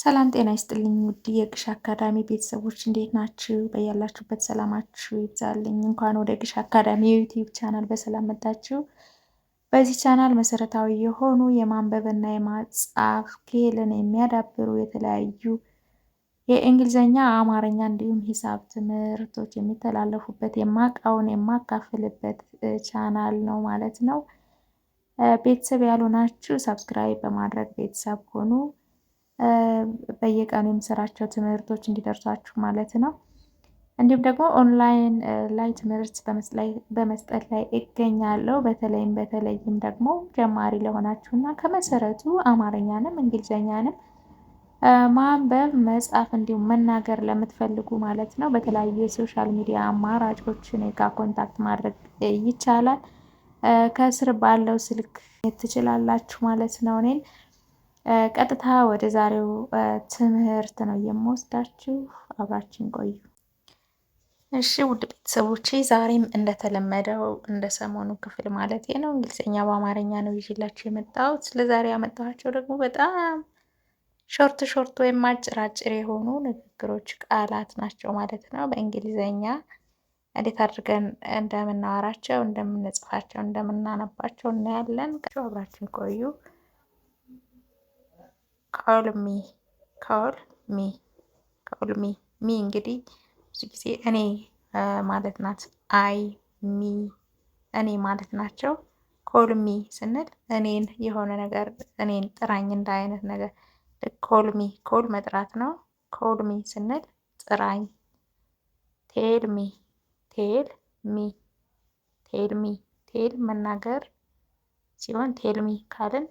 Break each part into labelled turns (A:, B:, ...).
A: ሰላም ጤና ይስጥልኝ ውድ የግሽ አካዳሚ ቤተሰቦች እንዴት ናችሁ? በያላችሁበት ሰላማችሁ ይብዛልኝ። እንኳን ወደ ግሽ አካዳሚ የዩቲዩብ ቻናል በሰላም መጣችሁ። በዚህ ቻናል መሰረታዊ የሆኑ የማንበብና የማጻፍ ክህሎትን የሚያዳብሩ የተለያዩ የእንግሊዝኛ፣ አማርኛ እንዲሁም ሂሳብ ትምህርቶች የሚተላለፉበት የማቃውን የማካፍልበት ቻናል ነው ማለት ነው። ቤተሰብ ያሉ ናችሁ፣ ሰብስክራይብ በማድረግ ቤተሰብ ሆኑ። በየቀኑ የምሰራቸው ትምህርቶች እንዲደርሷችሁ ማለት ነው። እንዲሁም ደግሞ ኦንላይን ላይ ትምህርት በመስጠት ላይ እገኛለሁ። በተለይም በተለይም ደግሞ ጀማሪ ለሆናችሁና ከመሰረቱ አማርኛንም እንግሊዝኛንም ማንበብ መጻፍ እንዲሁም መናገር ለምትፈልጉ ማለት ነው በተለያዩ የሶሻል ሚዲያ አማራጮች እኔ ጋር ኮንታክት ማድረግ ይቻላል። ከስር ባለው ስልክ ትችላላችሁ ማለት ነው እኔን ቀጥታ ወደ ዛሬው ትምህርት ነው የምወስዳችሁ። አብራችን ቆዩ። እሺ ውድ ቤተሰቦቼ ዛሬም እንደተለመደው እንደ ሰሞኑ ክፍል ማለት ነው እንግሊዝኛ በአማርኛ ነው ይዤላችሁ የመጣሁት። ለዛሬ ያመጣኋቸው ደግሞ በጣም ሾርት ሾርት ወይም አጭራጭር የሆኑ ንግግሮች ቃላት ናቸው ማለት ነው። በእንግሊዝኛ እንዴት አድርገን እንደምናወራቸው፣ እንደምንጽፋቸው፣ እንደምናነባቸው እናያለን። አብራችን ቆዩ። ካል ሚ ኮል ሚ ካል ሚ ሚ እንግዲህ ብዙ ጊዜ እኔ ማለት ናት። አይ ሚ እኔ ማለት ናቸው። ኮል ሚ ስንል እኔን የሆነ ነገር እኔን ጥራኝ እንደ አይነት ነገር ሚ ኮል መጥራት ነው። ኮል ሚ ስንል ጥራኝ። ቴል ሚ ቴል ሚ ቴል ሚ ቴል መናገር ሲሆን ቴል ሚ ካልን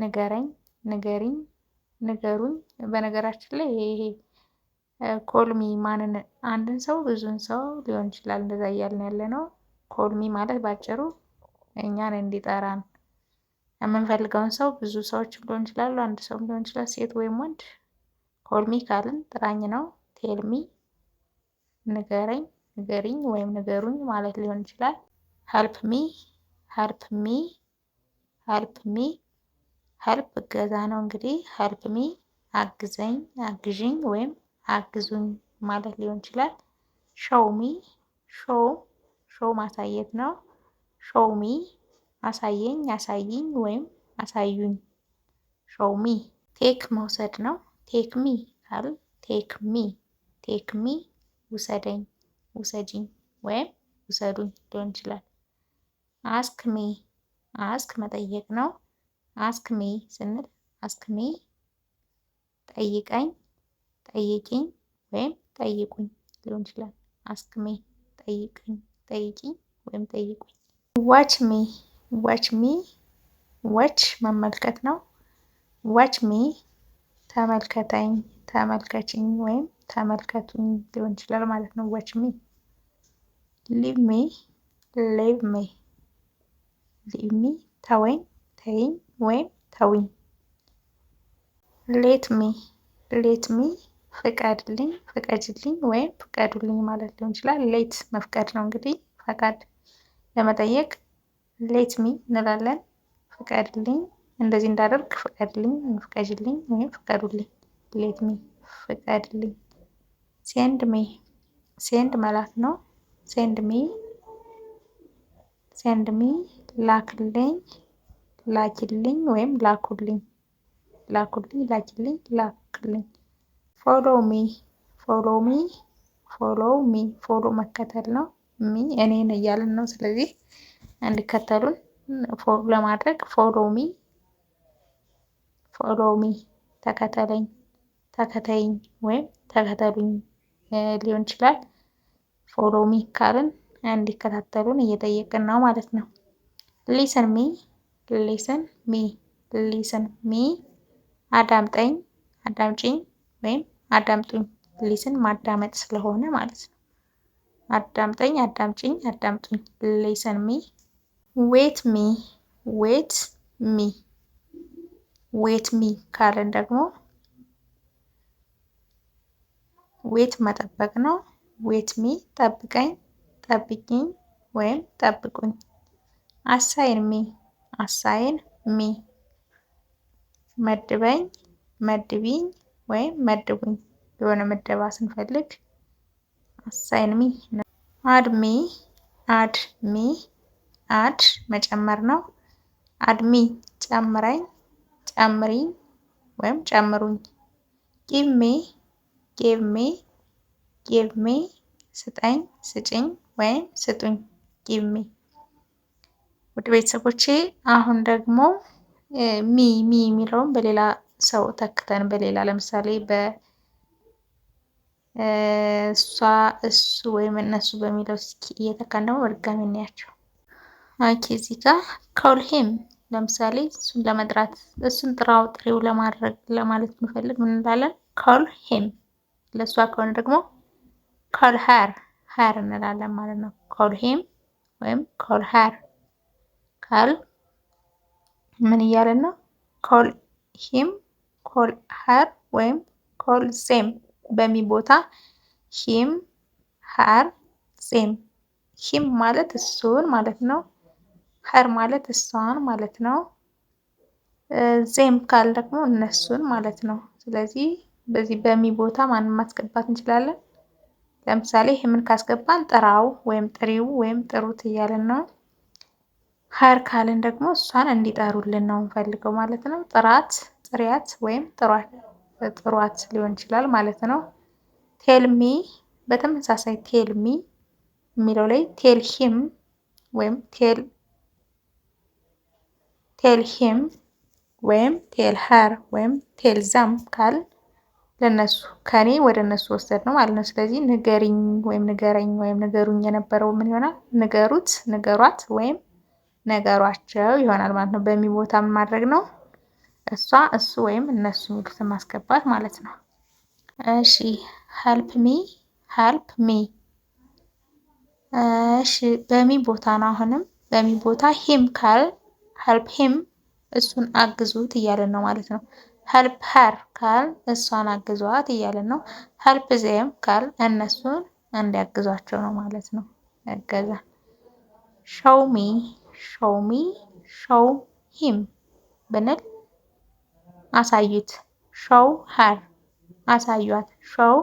A: ንገረኝ ንገሪኝ ንገሩኝ። በነገራችን ላይ ይሄ ኮልሚ ማንን አንድን ሰው ብዙን ሰው ሊሆን ይችላል እንደዛ እያልን ያለ ነው። ኮልሚ ማለት ባጭሩ እኛን እንዲጠራን የምንፈልገውን ሰው ብዙ ሰዎች ሊሆን ይችላሉ፣ አንድ ሰው ሊሆን ይችላል፣ ሴት ወይም ወንድ። ኮልሚ ካልን ጥራኝ ነው። ቴልሚ ንገረኝ፣ ንገሪኝ ወይም ንገሩኝ ማለት ሊሆን ይችላል። ሀልፕ ሚ ሀልፕ ሚ ሀልፕ ሚ ሀልፕ እገዛ ነው እንግዲህ ሀልፕ ሚ አግዘኝ፣ አግዥኝ ወይም አግዙኝ ማለት ሊሆን ይችላል። ሾውሚ ሾው ሾው ማሳየት ነው። ሾውሚ አሳየኝ፣ አሳይኝ ወይም አሳዩኝ። ሾው ሚ ቴክ መውሰድ ነው። ቴክ ሚ ካል ቴክ ሚ ቴክ ሚ ውሰደኝ፣ ውሰጂኝ ወይም ውሰዱኝ ሊሆን ይችላል። አስክ ሚ አስክ መጠየቅ ነው። አስክሜ ስንል አስክሜ ጠይቀኝ፣ ጠይቂኝ ወይም ጠይቁኝ ሊሆን ይችላል። አስክሜ ጠይቀኝ፣ ጠይቂኝ ወይም ጠይቁኝ። ዋች ሚ ዋች ሚ ዋች መመልከት ነው። ዋች ሚ ተመልከተኝ፣ ተመልከችኝ ወይም ተመልከቱኝ ሊሆን ይችላል ማለት ነው። ዋች ሚ ሊቭ ሚ ሊቭ ሚ ሊቭ ሚ ተወኝ፣ ተይኝ ወይም ተውኝ፣ ሌትሚ ሌትሚ ፍቀድልኝ፣ ፍቀጅልኝ ወይም ፍቀዱልኝ ማለት ሊሆን ይችላል። ሌት መፍቀድ ነው እንግዲህ ፈቃድ ለመጠየቅ ሌት ሚ እንላለን። ፍቀድልኝ፣ እንደዚህ እንዳደርግ ፍቀድልኝ፣ ፍቀጅልኝ ወይም ፍቀዱልኝ። ሌትሚ ፍቀድልኝ። ሴንድ ሚ ሴንድ መላክ ነው። ሴንድ ሚ ሴንድ ሚ ላክልኝ ላኪልኝ ወይም ላኩልኝ ላኩልኝ ላኪልኝ ላክልኝ ፎሎው ሚ ፎሎው ሚ ፎሎው ሚ ፎሎ መከተል ነው። ሚ እኔን እያልን ነው። ስለዚህ እንዲከተሉን ለማድረግ ፎሎው ሚ ፎሎው ሚ ተከተለኝ ተከተይኝ ወይም ተከተሉኝ ሊሆን ይችላል። ፎሎው ሚ ካልን እንዲከታተሉን እየጠየቅን ነው ማለት ነው። ሊስን ሚ ሊስን ሚ ሊስን ሚ አዳምጠኝ አዳምጪኝ ወይም አዳምጡኝ ሊስን ማዳመጥ ስለሆነ ማለት ነው። አዳምጠኝ አዳምጪኝ አዳምጡኝ ሊስን ሚ ዌት ሚ ዌት ሚ ዌት ሚ ካለን ደግሞ ዌት መጠበቅ ነው። ዌት ሚ ጠብቀኝ ጠብቂኝ ወይም ጠብቁኝ። አሳይን ሚ አሳይን ሚ መድበኝ፣ መድቢኝ ወይም መድቡኝ የሆነ ምደባ ስንፈልግ አሳይን ሚ። አድሚ አድ ሚ አድ መጨመር ነው። አድሚ ጨምረኝ፣ ጨምሪኝ ወይም ጨምሩኝ። ጊቭ ሚ ጊቭ ሚ ጊቭ ሚ ስጠኝ፣ ስጭኝ ወይም ስጡኝ ጊቭ ሚ ውድ ቤተሰቦቼ አሁን ደግሞ ሚ ሚ የሚለውን በሌላ ሰው ተክተን በሌላ ለምሳሌ በእሷ እሱ ወይም እነሱ በሚለው እስኪ እየተካን ደግሞ በድጋሚ እንያቸው። ኦኬ እዚህ ጋር ለምሳሌ እሱን ለመጥራት እሱን ጥራው ጥሪው ለማድረግ ለማለት የምፈልግ ምን እንላለን? ኮልሂም ለእሷ ከሆነ ደግሞ ኮልሃር ሃር እንላለን ማለት ነው። ኮልሂም ወይም ኮልሃር ቃል ምን እያለን ነው? ኮል ሂም ኮል ሀር ወይም ኮል ዜም በሚ ቦታ ሂም ሀር ዜም ሂም ማለት እሱን ማለት ነው። ሀር ማለት እሷን ማለት ነው። ዜም ካል ደግሞ እነሱን ማለት ነው። ስለዚህ በዚህ በሚ ቦታ ማንም ማስገባት እንችላለን። ለምሳሌ ሂምን ካስገባን ጥራው ወይም ጥሪው ወይም ጥሩት እያለን ነው። ሀር ካልን ደግሞ እሷን እንዲጠሩልን ነው እንፈልገው ማለት ነው። ጥራት፣ ጥሪያት ወይም ጥሯት ሊሆን ይችላል ማለት ነው። ቴልሚ በተመሳሳይ ቴልሚ የሚለው ላይ ቴልሂም ወይም ቴልሂም ወይም ቴልሀር ወይም ቴልዛም ካል ለነሱ ከኔ ወደ እነሱ ወሰድ ነው ማለት ነው። ስለዚህ ንገሪኝ ወይም ንገረኝ ወይም ንገሩኝ የነበረው ምን ይሆናል? ንገሩት፣ ንገሯት ወይም ነገሯቸው ይሆናል ማለት ነው። በሚ ቦታ ምን ማድረግ ነው? እሷ እሱ ወይም እነሱ የሚሉትን ማስገባት ማለት ነው። እሺ ሄልፕ ሚ ሄልፕ ሚ። እሺ በሚ ቦታ ነው። አሁንም በሚ ቦታ ሂም ካል ሄልፕ ሂም እሱን አግዙት እያለን ነው ማለት ነው። ሄልፕ ሀር ካል እሷን አግዟት እያለን ነው። ሄልፕ ዜም ካል እነሱን እንዲያግዟቸው ነው ማለት ነው። እገዛ ሾው ሚ ሾው ሚ ሾው ሂም ብንል አሳዩት፣ ሾው ሀር አሳዩት፣ ሾው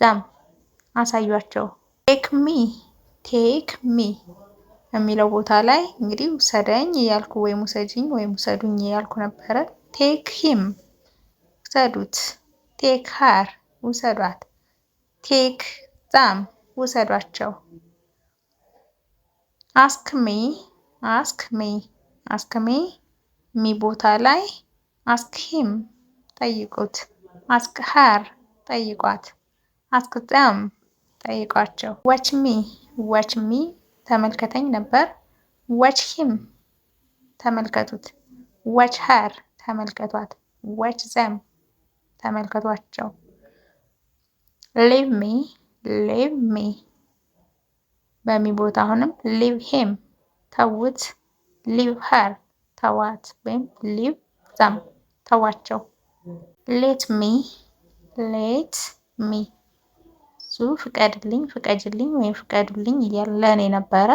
A: ዘም አሳዩአቸው። ቴክ ሚ ቴክ ሚ የሚለው ቦታ ላይ እንግዲህ ውሰደኝ እያልኩ ወይም ውሰጅኝ ወይም ውሰዱኝ እያልኩ ነበረ። ቴክ ሂም ውሰዱት፣ ቴክ ሀር ውሰዷት፣ ቴክ ዛም ውሰዷቸው። አስክሚ አስክሚ አስክሚ ሚ ቦታ ላይ አስክ ሂም ጠይቁት፣ አስክ ሀር ጠይቋት፣ አስክ ዘም ጠይቋቸው። ዋች ሚ ዋች ሚ ተመልከተኝ ነበር። ዋች ሂም ተመልከቱት፣ ዋች ሀር ተመልከቷት፣ ዋች ዘም ተመልከቷቸው። ሊቭ ሚ ሊቭ ሚ በሚ ቦታ አሁንም ሊቭ ሂም ተዉት፣ ሊቭ ሀር ተዋት፣ ወይም ሊቭ ዛም ተዋቸው። ሌት ሚ ሌት ሚ እሱ ፍቀድልኝ፣ ፍቀጅልኝ ወይም ፍቀዱልኝ እያለ ለእኔ ነበረ።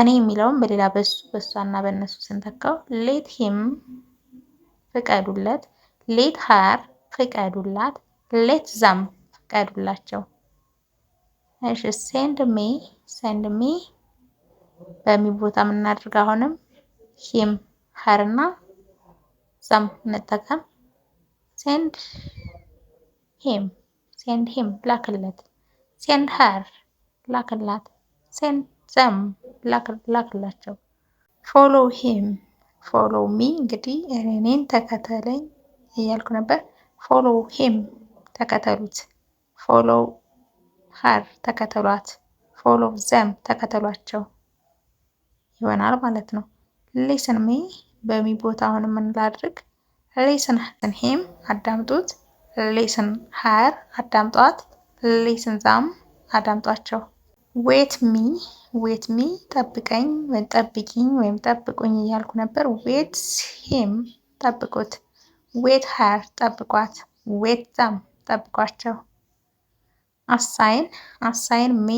A: እኔ የሚለውን በሌላ በሱ በሷና በእነሱ ስንተካው ሌት ሂም ፍቀዱለት፣ ሌት ሀር ፍቀዱላት፣ ሌት ዛም ፍቀዱላቸው። እሺ ሴንድ ሚ ሴንድ ሚ በሚ ቦታ የምናደርግ አሁንም ሂም እና ሰም እንጠቀም። ሴንድ ሂም ሴንድ ሂም ላክለት። ሴንድ ሀር ላክላት። ሴንድ ሰም ላክላቸው። ፎሎ ሂም ፎሎ ሚ እንግዲህ እኔን ተከተለኝ እያልኩ ነበር። ፎሎ ሂም ተከተሉት። ፎሎ ሀር ተከተሏት ፎሎ ዘም ተከተሏቸው ይሆናል ማለት ነው። ሌስን ሚ በሚ ቦታ አሁን የምንላድርግ ሌስን ሄም አዳምጡት፣ ሌስን ሀር አዳምጧት፣ ሌስን ዛም አዳምጧቸው። ዌት ሚ ዌት ሚ ጠብቀኝ ወይም ጠብቂኝ ወይም ጠብቁኝ እያልኩ ነበር። ዌት ሂም ጠብቁት፣ ዌት ሀር ጠብቋት፣ ዌት ዛም ጠብቋቸው። አሳይን አሳይን ሜ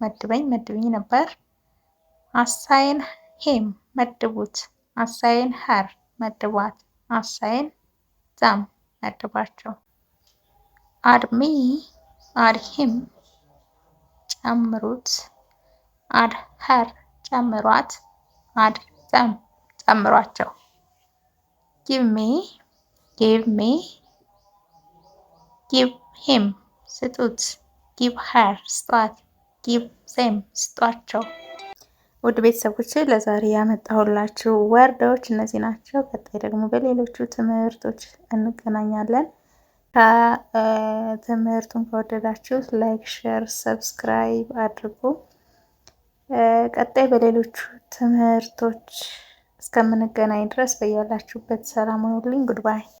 A: መድበኝ መድብኝ ነበር። አሳይን ሄም መድቡት። አሳይን ሀር መድቧት። አሳይን ዛም መድባቸው። አድሚ አድሂም ጨምሩት። አድሀር ጨምሯት። አድዛም ጨምሯቸው። ጊቭ ሚ ጊቭ ሚ ጊቭ ሂም ስጡት፣ ጊቭ ሀር ስጧት፣ ጊቭ ዜም ስጧቸው። ውድ ቤተሰቦች ለዛሬ ያመጣሁላችሁ ወርዶች እነዚህ ናቸው። ቀጣይ ደግሞ በሌሎቹ ትምህርቶች እንገናኛለን። ትምህርቱን ከወደዳችሁ ላይክ፣ ሼር፣ ሰብስክራይብ አድርጉ። ቀጣይ በሌሎቹ ትምህርቶች እስከምንገናኝ ድረስ በያላችሁበት ሰላም ሁኑልኝ። ጉድባይ